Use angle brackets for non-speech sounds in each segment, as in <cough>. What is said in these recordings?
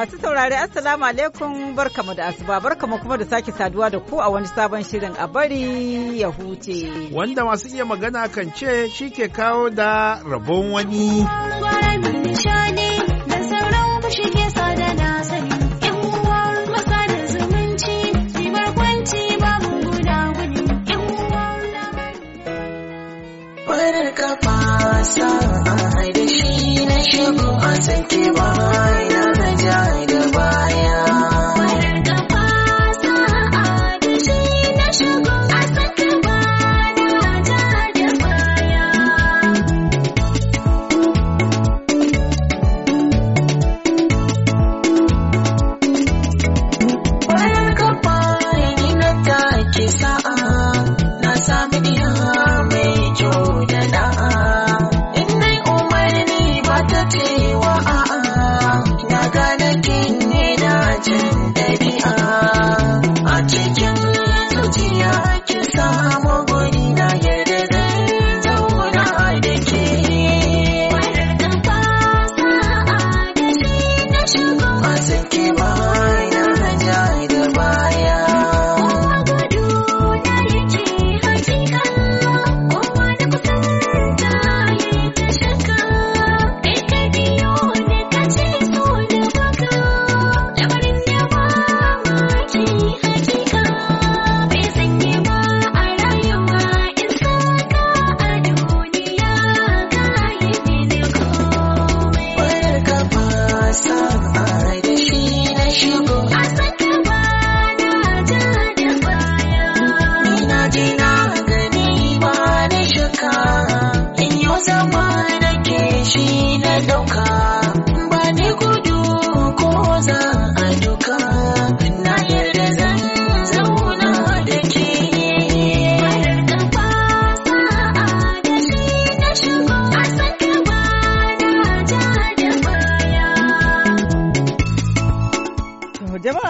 Masu saurari Assalamu alaikum barkamu da asuba barkamu kuma da sake saduwa da ku a wani sabon shirin a bari ya huce. Wanda masu iya magana kan ce shi ke kawo da rabon wani. Farar kafa sa'a shigo a tsaki ba na da baya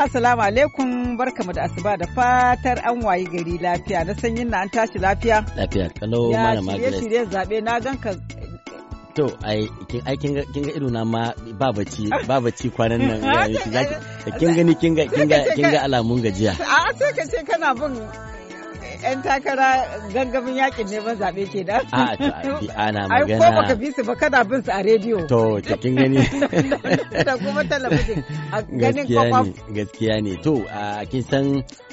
Assalamu alaikum barkamu da asuba da fatar an wayi gari lafiya na sanyin na an tashi lafiya lafiya kalau malama ya shirye zabe na ganka to ai kin ai kin ga ido na ma ba bacci ba bacci kwanan nan <laughs> kin gani kin ga kin ga kin ga alamun gajiya a sai ka ce kana bin 'yan takara gangamin yakin neman zaɓe ke da. A ana magana. Ai ko baka ba kada bin su a rediyo. To kin gani. <laughs> Da kuma talabijin a ganin Gaskiya ne to kin san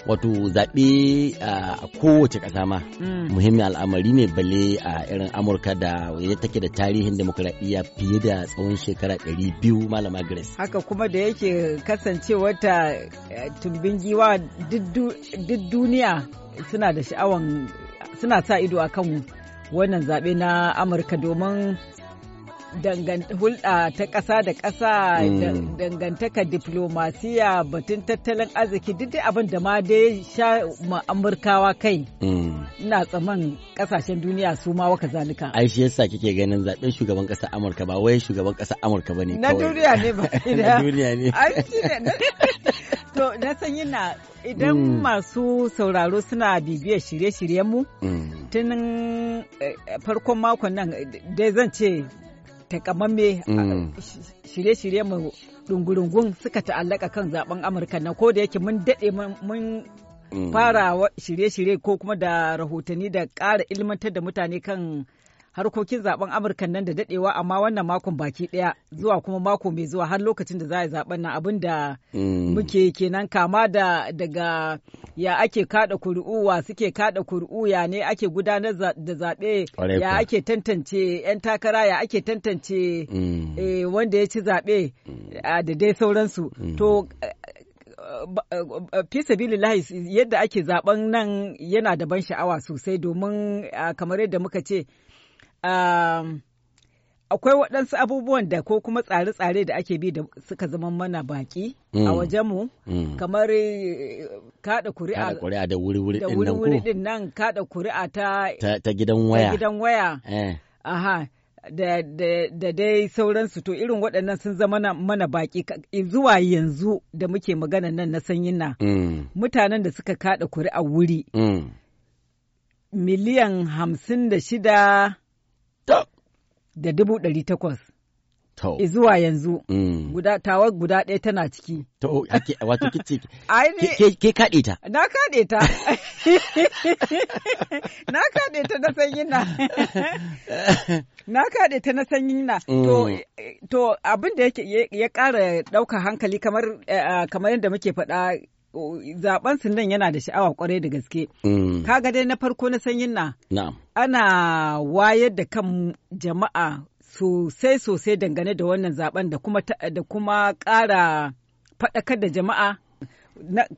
wato zaɓe a kowace ƙasa ma mm. muhimmin al'amari ne balle a irin Amurka da ya take da tarihin demokuraɗiyya fiye da tsawon shekara ɗari biyu malama Grace. Haka kuma da yake kasancewa ta eh, tumbin giwa duk duniya suna da sha'awan suna sa ido a kan wannan zaɓe na amurka domin hulɗa ta ƙasa da ƙasa mm. dangantaka diplomasiya batun tattalin arziki duk dai abin da ma dai sha ma amurkawa kai mm. ina tsaman ƙasashen duniya su ma waka zanuka ai shi yasa kike ganin zaben shugaban ƙasar amurka ba wai shugaban ƙasar amurka ba ne na duniya ne ba <laughs> na duniya ne <laughs> to na san yana idan mm. masu sauraro suna bibiyar shirye-shiryenmu tun eh, farkon makon nan dai zan ce takamamme mm. shirye-shirye mu dungurungun suka ta'allaka kan zaben amurka na ko da yake mun daɗe mun mm. fara shirye-shirye ko kuma da rahotanni da kara ilmantar da mutane kan harkokin zaben amurka nan da dadewa amma wannan makon baki daya zuwa kuma mako mai zuwa har lokacin da za a zaben nan abin da mm. muke kenan kama da daga ya ake kada kuri'u wa suke kada kuri'u ya ne ake gudanar da zaɓe ya ake tantance 'yan takara ya ake tantance mm. eh, wanda ya ci zaɓe mm. da dai sauransu to fi lahi yadda ake zaben nan yana da ban sha'awa sosai domin kamar yadda muka ce Um, akwai waɗansu abubuwan da ko kuma tsare-tsare da ake bi da suka zama mana baki a mm. wajenmu mm. kamar eh, kada kuri'a da wuri-wuri din nan kada kuri'a ta ta gidan waya eh. da dai sauransu to irin waɗannan sun zama mana baƙi. zuwa yanzu da muke magana nan na sanyin na mm. mutanen da suka kaɗa kuri'a wuri miliyan hamsin da shida da dubu ɗari takwas. Izuwa yanzu, mm. guda tawar guda ɗaya tana ciki. To, ake wato kici <laughs> ke kaɗe ta. Na kaɗe ta. <laughs> Na kaɗe ta na sanyin na. <laughs> Na kaɗe ta na sanyin na. Mm. To, abin da ya ƙara ɗauka hankali kamar eh, ah, yadda muke faɗa zaben nan yana da sha'awa kwarai da gaske. Mm. Kaga dai na farko na sanyin na. Ana wayar da kan jama'a sosai sosai dangane da wannan zaben da kuma da kuma ƙara faɗakar da jama'a.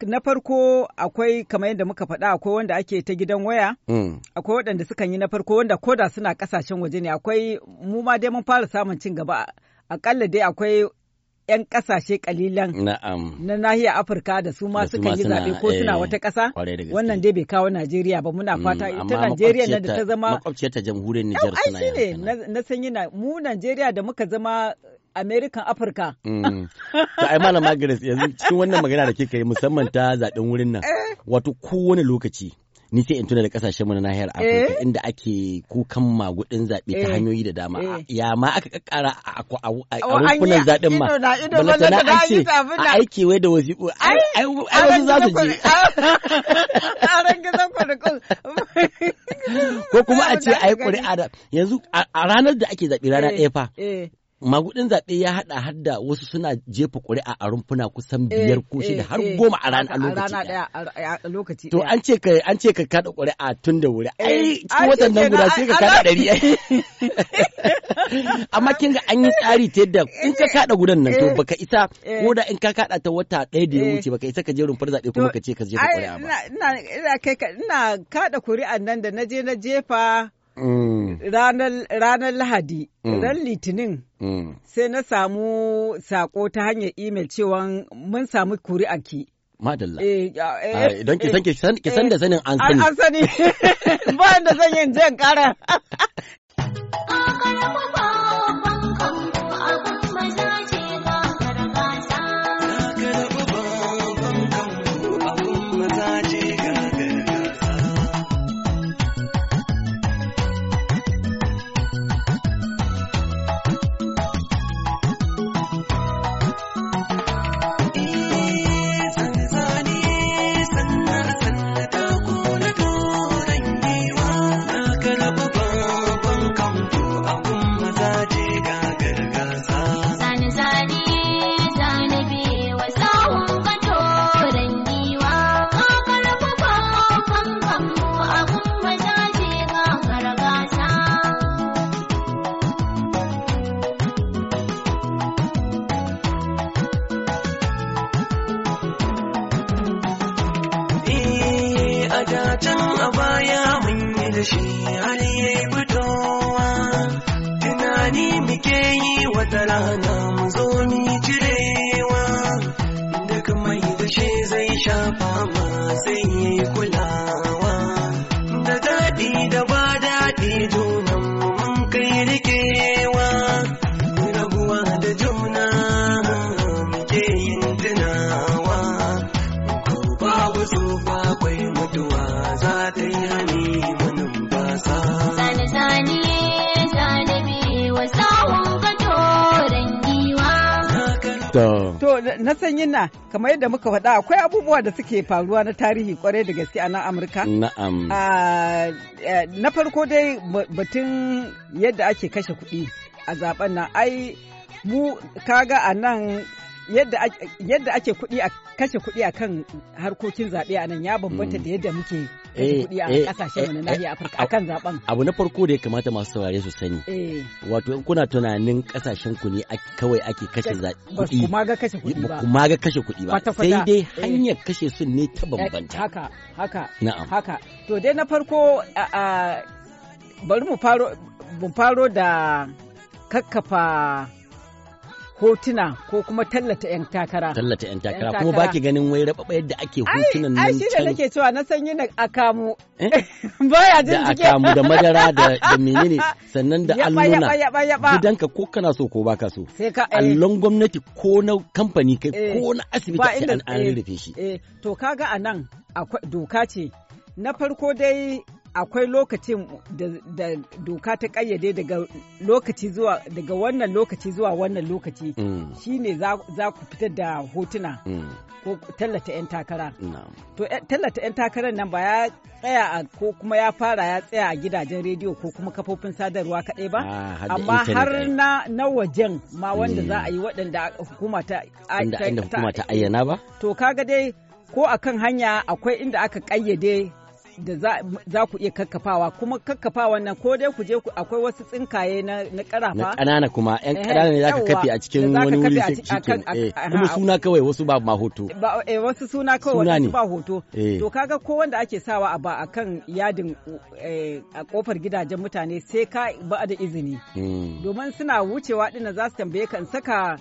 Na farko akwai kamar yadda muka faɗa akwai wanda ake ta gidan waya, mm. akwai waɗanda sukan yi na farko wanda koda suna ƙasashen waje ne akwai mu ma dai mun fara samun cin gaba akalla dai akwai 'yan kasashe kalilan na nahiyar Afirka da su ma suka yi zaɓe ko suna eh, wata ƙasa wannan dai bai kawo Najeriya ba muna mm, fata ita Najeriya na da ta zama makwabciyar ta jamhuriyar Nijar suna yi. ne na san yana mu Najeriya da muka zama American Afirka. Mm. Ta ai malama Grace yanzu cikin wannan magana da kika yi musamman ta zaɓen wurin nan <laughs> eh. wato kowane lokaci. ni sai in tuna da kasashen mu na nahiyar Afirka eh? inda ake kukan magudin zaɓe ta eh. hanyoyi da dama eh. ya ma aka kakkara a rukunan zaɓen ma balantana an ce a aiki wai da wasiƙu ai wasu za su je ko kuma a ce a yi ƙuri'a da yanzu a ranar da ake zaɓe rana ɗaya fa magudin zaɓe ya haɗa har da wasu suna jefa ƙuri'a a rumfuna kusan eh, biyar ko shida eh, har eh. goma a rana a lokaci to an ce ka an ce ka kada ƙuri'a tun da wuri ai cikin watannan nan guda sai ka kada ɗari <laughs> amma kin ga an yi tsari ta yadda in ka kada gudan nan to baka isa ko da in ka kada ta wata ɗaya da ya wuce baka isa ka je rumfar zaɓe kuma ka ce ka jefa ƙuri'a ba ina ina ina kada ƙuri'an nan da na je na jefa ranar Lahadi, mm. ran Litinin, mm. sai na samu sako ta hanyar imel cewa mun samu eh, eh, ah, ki madalla eh, idan ki san ki san da sanin an sani an sani <laughs> ba da zan yi jan kara <laughs> na san na kamar yadda muka faɗa akwai abubuwa da suke faruwa na tarihi kwarai da gaske a nan Amurka. Ah, eh, na farko dai batun yadda ake kashe kuɗi a zaben nan ai mu kaga a nan yadda ake kuɗi a kashe kuɗi a kan harkokin zaɓe a nan ya bambanta mm. da yadda muke kashe eh, kuɗi a eh, ƙasashen wani eh, nahiyar Afirka a kan zaɓen. Abu na farko da ya kamata masu saurare su sani. Wato in kuna tunanin ƙasashen ku ne kawai ake kashe kuɗi. Ba kuma ga kashe kuɗi ba. ga kashe kuɗi ba. Sai dai hanyar kashe su ne ta bambanta. Haka haka. Na'am. Haka. To dai na farko bari mu faro da kakkafa hotuna ko kuma tallata 'yan takara. Tallata 'yan takara kuma ba ki ganin wai raba yadda ake hotunan nan. Ai shi da nake cewa na san yin akamu. ya jin jike. Da akamu da madara da da menene <laughs> sannan da alluna. Gidanka ko kana so ko baka so. Sai ka eh. allon gwamnati ko na kamfani kai eh. ko na asibiti an eh, rufe shi. To kaga anan doka ce na farko dai akwai lokacin da doka ta kayyade daga lokaci zuwa daga wannan lokaci zuwa wannan lokaci mm. shine za ku fitar da hotuna mm. ko tallata 'yan takara to tallata 'yan takarar nan ba ya tsaya ko kuma ya fara ya tsaya a gidajen rediyo ko kuma kafofin sadarwa kaɗai ba ah, amma har na wajen ma wanda za a mm. yi waɗanda hukuma ta ayyana ba to kaga dai ko akan hanya akwai inda aka kayyade. da za ku iya kakkafawa kuma kakkafawa nan ko dai ku je akwai wasu tsinkaye na karafa na kanana kuma yan kanana eh, ne zaka kafe a cikin wani wuri eh, kuma suna kawai wasu ba ma hoto eh, wasu suna kawai wasu ba hoto to kaga ko wanda ake sawa a ba akan yadin a kofar gidajen mutane sai ka ba da izini hmm. domin suna wucewa dinnan za su tambaye kan saka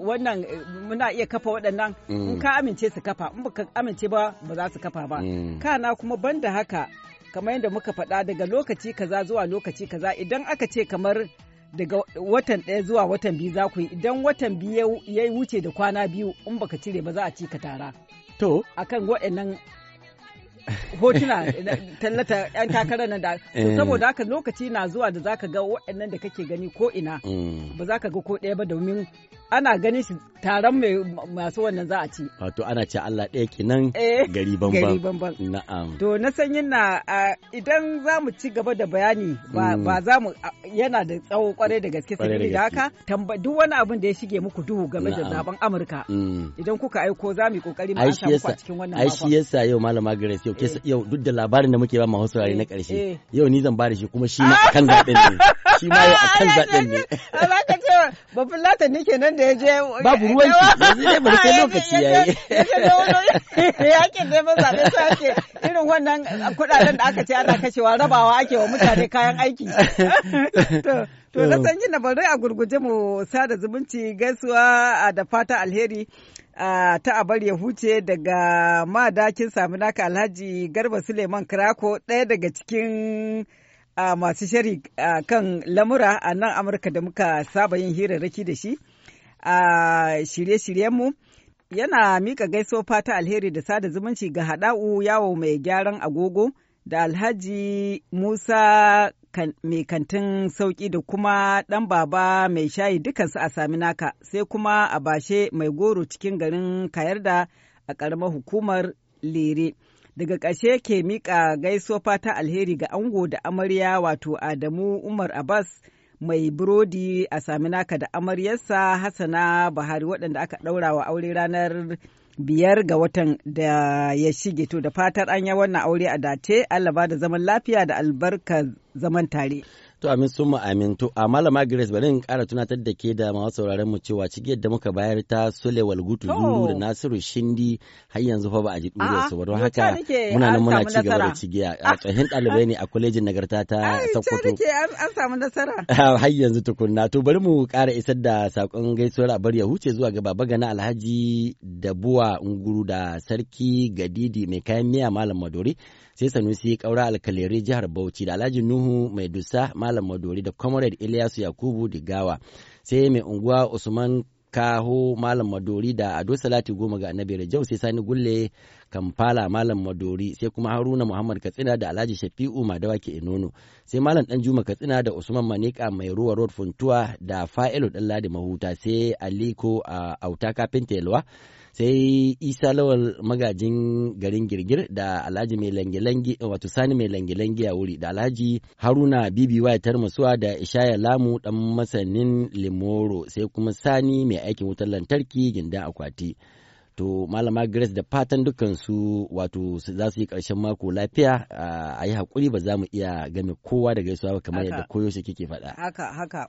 wannan eh, muna iya kafa waɗannan mm. in ka amince su kafa in baka amince ba ba za su kafa ba mm. kana kuma banda haka kamar yadda muka faɗa daga lokaci kaza zuwa lokaci kaza idan aka ce kamar daga watan ɗaya zuwa watan biyu za ku yi idan watan biyu ya wuce da kwana biyu in baka cire ba za a ci ka tara to akan waɗannan hotuna tallata yan takarar nan da eh. saboda haka lokaci na zuwa da zaka ga waɗannan da kake gani ko ina mm. ba za ka ga ko ɗaya ba domin ana gani shi taron mai masu wannan za a ci wato ana ce Allah ɗaya kenan eh, gari banban na'am to na sanyin na idan za mu ci gaba da bayani ba mm. za mu yana da tsawo kwarai da gaske sai da haka duk wani abin da ya shige muku duhu game da zaben Amurka mm. idan kuka aiko za mu yi kokari mu a cikin wannan ai shi yasa yau malama Grace to ke yau duk da labarin da muke ba ma wasu na karshe yau ni zan bada shi kuma shi ma akan zaben ne shi ma yau akan zaben ne ba ka ce ba fulata ne kenan da ya je babu ruwan shi yanzu dai bari kai lokaci yayi ya ke ne ba zabe sai ake irin wannan kudaden da aka ce ana kashewa rabawa ake wa mutane kayan aiki to na san yin na bari a gurguje mu sada zumunci gaisuwa da fata alheri Uh, ta abar ya huce daga madakin sami naka alhaji garba suleiman krako ɗaya daga cikin masu shari kan lamura a nan amurka da muka saba yin hirarraki da shi a shirye-shiryenmu yana miƙa gaiso fata alheri da sada zumunci ga haɗa'u yawo mai gyaran agogo da alhaji musa mai kantin sauki da kuma ɗan baba mai shayi dukansu a sami naka sai kuma a bashe mai goro cikin garin kayarda a ƙaramar hukumar lere daga ƙashe ke miƙa gaisuwa fata alheri ga ango da amarya wato adamu umar abbas mai burodi a sami naka da amaryarsa hassana buhari waɗanda aka ɗaura wa aure ranar biyar ga watan da ya shige to da fatar an yi wannan aure a dace Allah ba da zaman lafiya da albarka zaman tare To amin sun mu amin to a malama Grace bari in ƙara tunatar da ke da masu sauraron mu cewa cigiyar da muka bayar ta Sule Walgutu da Nasiru Shindi har yanzu fa ba a ji dure su ba don haka muna nan muna ci gaba da cigiya a tsohin ɗalibai ne a kwalejin nagarta ta Sokoto. an samu nasara. <laughs> Ah, har yanzu tukunna to bari mu kara isar da sakon gaisuwar a bari ya huce zuwa ga baba gana Alhaji da Buwa Nguru da Sarki Gadidi mai kayan miya Malam Madori sai Sanusi Kaura Alkalere jihar Bauchi da Alhaji Nuhu Mai Dusa Malam Madori da Comrade Ilyasu Yakubu Digawa sai mai unguwa Usman Kaho Malam Madori da Ado Salati Goma ga Annabi Rajau sai Sani Gulle Kamfala Malam Madori sai kuma Haruna Muhammad Katsina da Alhaji Shafi'u ke Inono sai Malam juma Katsina da Usman Manika mai ruwa road funtuwa da Fa'ilu Danladi Mahuta sai Aliko a Auta Kafinta Yalwa sai Isa Lawal magajin garin Girgir da Alhaji mai langilangi wato Sani mai langilangi a wuri da Alhaji Haruna BBY Tarmasuwa da Ishaya Lamu dan masanin Limoro sai kuma Sani mai aikin wutar lantarki gindan akwati. to malama grace da fatan dukansu wato za su yi ƙarshen mako lafiya a yi hakuri ba za mu iya game kowa da gaisuwa kamar yadda koyaushe kike faɗa haka haka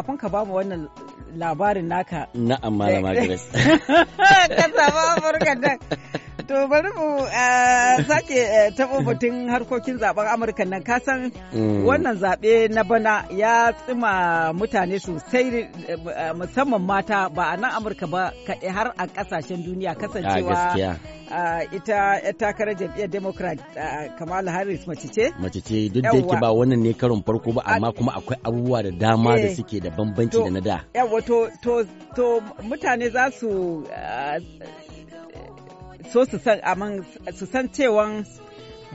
kafin ka ba mu wannan labarin naka. Na'am malama <laughs> Grace. Ka samu Afirka To bari mu eh, sake eh, taɓo batun harkokin zaben Amurka nan kasan mm. wannan zaɓe na bana ya tsima mutane sosai eh, musamman mata ba a nan Amurka ba kaɗe har a ƙasashen duniya kasancewa ita takarar jam'iyyar Democrat Kamala Harris mace ce. Mace ce duk da yake ba wannan ne karon farko ba amma kuma akwai abubuwa da dama da suke da bambanci da na da. Yawwa to mutane za su so su san cewan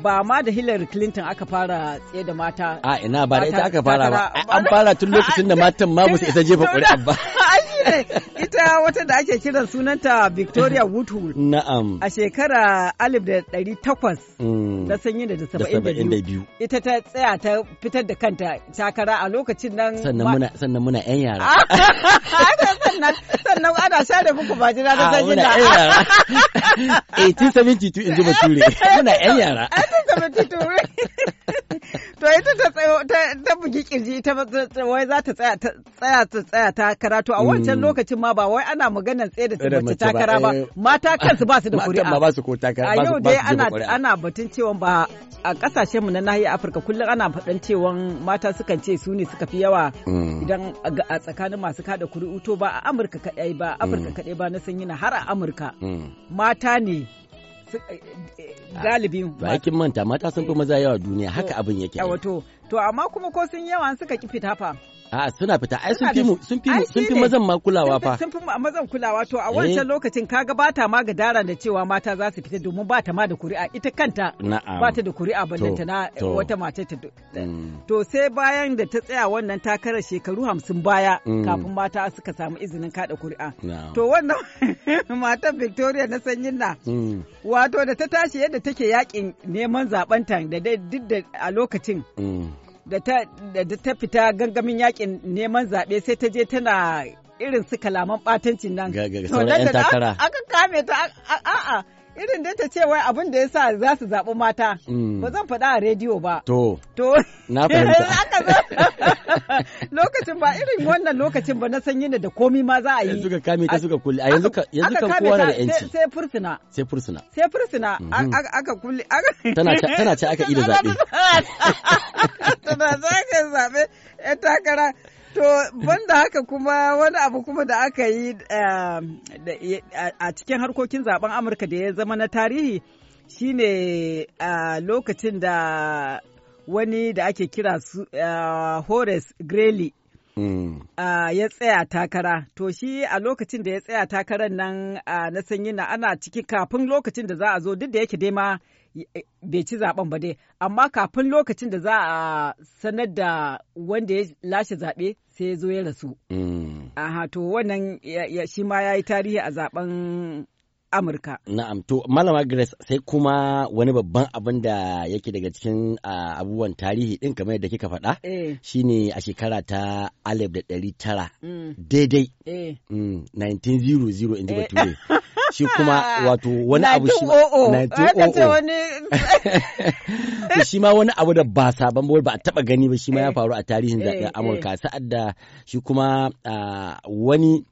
ba ma da Hillary Clinton aka fara tsaye da mata. A ina ba da ita aka fara ba. An fara tun lokacin da matan ma ba su isa jefa ƙuri'a ba. <laughs> Ita wata da ake kiran sunanta Victoria Woodhull. Na'am. A shekara alif da ɗari takwas. Da mm. sanyi da da saba'in da biyu. Ita ta tsaya ta fitar da kanta takara a lokacin nan. Sannan muna sannan muna ƴan yara. Ah, <laughs> sannan sannan ana share muku bajina da ah, sanyi da. <laughs> Eh, muna ƴan yara. 1872 in ji Bature. Muna ƴan yara. to ita ta ta bugi kirji ita wai za ta tsaya ta tsaya ta karatu a wancan mm. lokacin ma ba wai ana maganar tsaye da mace takara ba eh. mata kansu ba su da kuri'a ba su ko takara a yau dai ana ana batun cewa ba a kasashen mu na nahiyar Afirka kullum ana fadan cewa mata sukan ce su ne suka fi yawa mm. idan a tsakanin masu kada kuri'u to ba a Amurka kadai ba Afirka mm. kadai ba na sanyi na har a Amurka mata ne Eh, eh, galibin ba manta mata sun fi maza yawa duniya haka eh, abin yake wato to amma kuma ko sun yawa suka ki fitafa A suna fita ai sun fi mu sun fi sun fi mazan ma kulawa fa. Sun fi mazan kulawa to a eh. wancan lokacin kaga ba ta ma gadara da cewa mata za su fita domin ba ta ma da kuri'a ita kanta ba ta da kuri'a ta na wata mace ta eh. mm. to sai bayan da ta tsaya wannan takarar shekaru hamsin baya mm. kafin mata suka samu izinin kada kuri'a. To wannan <laughs> matan Victoria na sanyin na mm. wato da ta tashi yadda take yakin neman zaben ta da duk da a lokacin da ta fita gangamin yakin neman zaɓe sai ta je tana irin su kalaman ɓatancin nan. Ga sauran 'yan takara. Aka kame ta a'a. irin da ta ce wai abin da ya sa za su zaɓi mata mm. ba zan faɗa a rediyo ba to to na fahimta <laughs> <laughs> lokacin ba irin wannan lokacin ba na san yana da komi ma za a yi yanzu ka kame ka suka kulle yanzu ka kan kowa da yanci sai fursuna sai fursuna sai fursuna mm-hmm. aka kulle tana ce aka ida <laughs> zaɓe tana ce aka zaɓe takara To banda haka kuma wani abu kuma da aka yi eh, a cikin harkokin zaben Amurka da ya zama na tarihi shine a eh, lokacin da wani da ake kira su eh, Horace Greeley hmm. ya tsaya takara. To shi a lokacin da ya tsaya takarar nan na sanyi na ana ciki kafin lokacin da za a zo duk da yake dai ma Eh, bai ci zaben ba dai amma kafin lokacin da za a sanar da wanda ya lashe zaɓe sai ya zo ya rasu. Mm. Aha to wannan shi ma ya yi tarihi a zaben Amurka. Na'am, to Malama Grace sai kuma wani babban abin da yake daga cikin abubuwan tarihi ɗin kamar yadda kika faɗa eh. Shi ne a shekara ta alif da ɗari tara mm. daidai 1900 eh. mm, in ji bature. <laughs> shi kuma wato wani abu shi ma oh oh. Oh <laughs> shi ma wani abu da ba sabon ba a taba gani ba shi ma ya eh. faru a tarihin zaɓen eh, Amurka eh. sa'ad da shi kuma ah, wani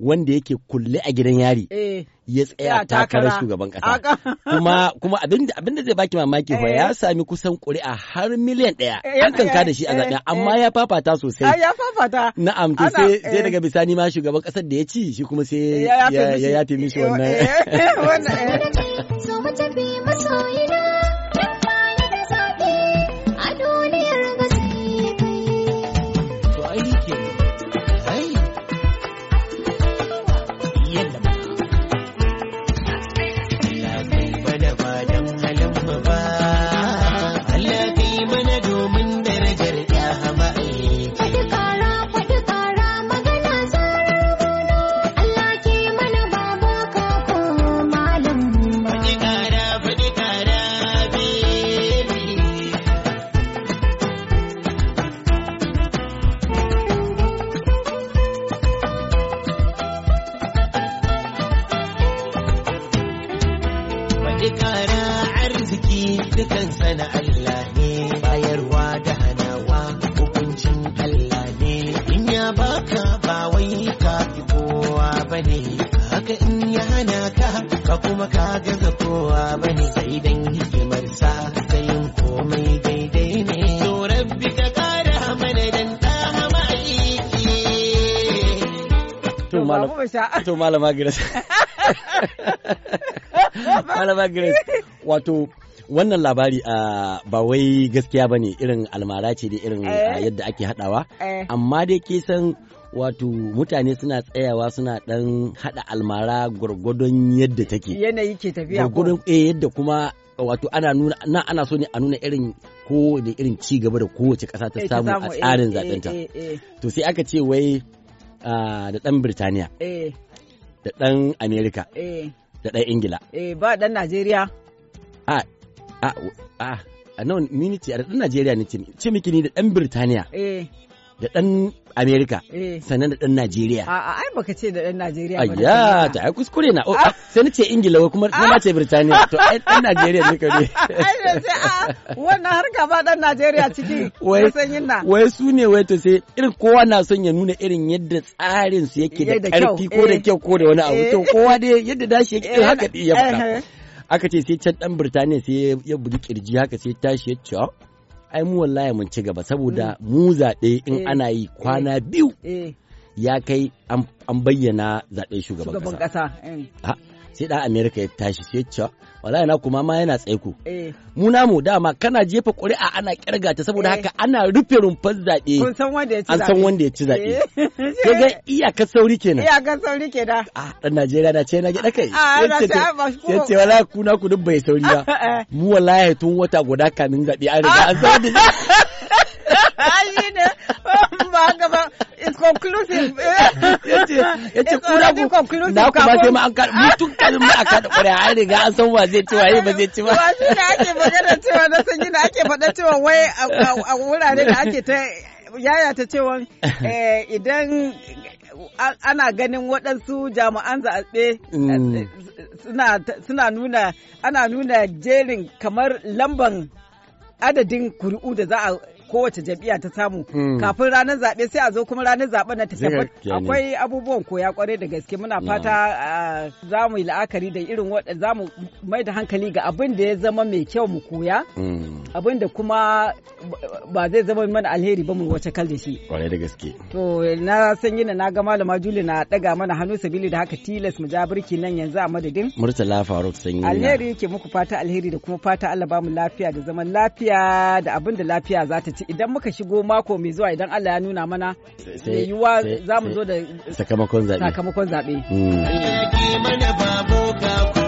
wanda yake kulle a gidan yari eh, ya tsaya takarar shugaban kasa <laughs> kuma kuma abin da zai baki mamaki fa ya eh. sami kusan ƙuri'a har miliyan ɗaya eh, an kanka da shi a zaɓen amma ya fafata sosai ah, ya fafata na'am to sai sai daga bisani ma shugaban ƙasar da ya ci shi kuma sai ya yafe mishi wannan <laughs> Habasha. <laughs> To Malama Grace. <laughs> Malama Grace, wato wannan labari ah, ba wai gaskiya ba ne irin almara ce da irin ah, eh. yadda ake haɗawa, eh. amma dai ke san wato mutane suna tsayawa suna ɗan haɗa almara gwargwadon yadda take. Yanayi ke tafiya. Gwargwadon eh, yadda kuma wato ana nuna na ana so ne a nuna irin ko da irin ci gaba da kowace ƙasa ta samu a tsarin zaɓenta. To sai aka ce wai Ah, da ɗan Birtaniya. Eh. Da ɗan Amerika. Eh. Da ɗan Ingila. Eh, ba ɗan Najeriya. A, a, a, a, a, a, a, da ɗan Najeriya a, a, a, miki ni da ɗan Birtaniya. da ɗan Amerika eh. sannan da ɗan Najeriya. A ai baka ce da ɗan Najeriya ba. Ayya ta ai kuskure na. Ah. Sai nace Ingila kuma na ce Birtaniya to ai ɗan Najeriya ne kare. <laughs> Ai sai a ah, wannan harka ba ɗan Najeriya ciki. <laughs> Wai Wai su ne wai to sai irin kowa na son ya nuna irin yadda tsarin su yake da ƙarfi ko da eh. kyau ko da wani abu to eh. kowa dai yadda dashi yake haka ya faɗa. Aka ce sai can ɗan Birtaniya sai ya bugi kirji haka sai tashi ya ce ah, ai mu wallahi mun ci gaba saboda mm. mu zaɓe in eh. ana yi kwana eh. biyu eh. ya kai an bayyana zaɓen shugaban ƙasa sai da america ya tashi sai cewa wallahi na kuma ma yana tsaiko eh. mu namu dama kana jefa ƙuri'a ana kirga ta saboda eh. haka ana rufe rumfar zaɓe kun san wanda ya ci zaɓe an san wanda ya ci zaɓe eh. kaga iyakar sauri kenan iyakar sauri kenan ah, a dan najeriya da ce na gida kai ah, sai ah, ce wallahi kuna ku duk bai sauri ba <laughs> mu wallahi tun wata guda kamin zaɓe an riga an san <laughs> <laughs> wanda an gaba is conclusive <laughs> yace yace kura ko conclusive da kuma sai ma an ka mutun kalin ma aka da kure an riga an san wa zai ci waye ba zai ci ba wa shi ne ake magana cewa na sanyi da ake faɗa cewa wai a wurare da ake ta yaya ta cewa eh, idan ana ganin waɗansu jami'an zaɓe mm. suna nuna ana nuna jerin kamar lamban adadin kuri'u da za a kowace jam'iyya ta samu hmm. kafin ranar zaɓe sai a zo kuma ranar zaɓen na ta akwai abubuwan koya kwarai da gaske muna fata ah, za mu yi la'akari da irin waɗanda za mu mai da hankali ga abin da ya zama mai kyau mu koya hmm. abin da kuma ba zai zama mana alheri ba mu wace kal da shi kwarai da gaske to na san yi na ga malama Juli na ɗaga mana hannu sabili da haka tilas mu ja birki nan yanzu a madadin Murtala Faruk sanyi alheri ke muku fata alheri da kuma fata Allah ba mu lafiya da zaman lafiya da abin da lafiya za ta ci ce idan muka shigo mako mai zuwa idan Allah ya nuna mana mai yiwuwa za zo da sakamakon zaɓe. Sakamakon zaɓe. Hmm.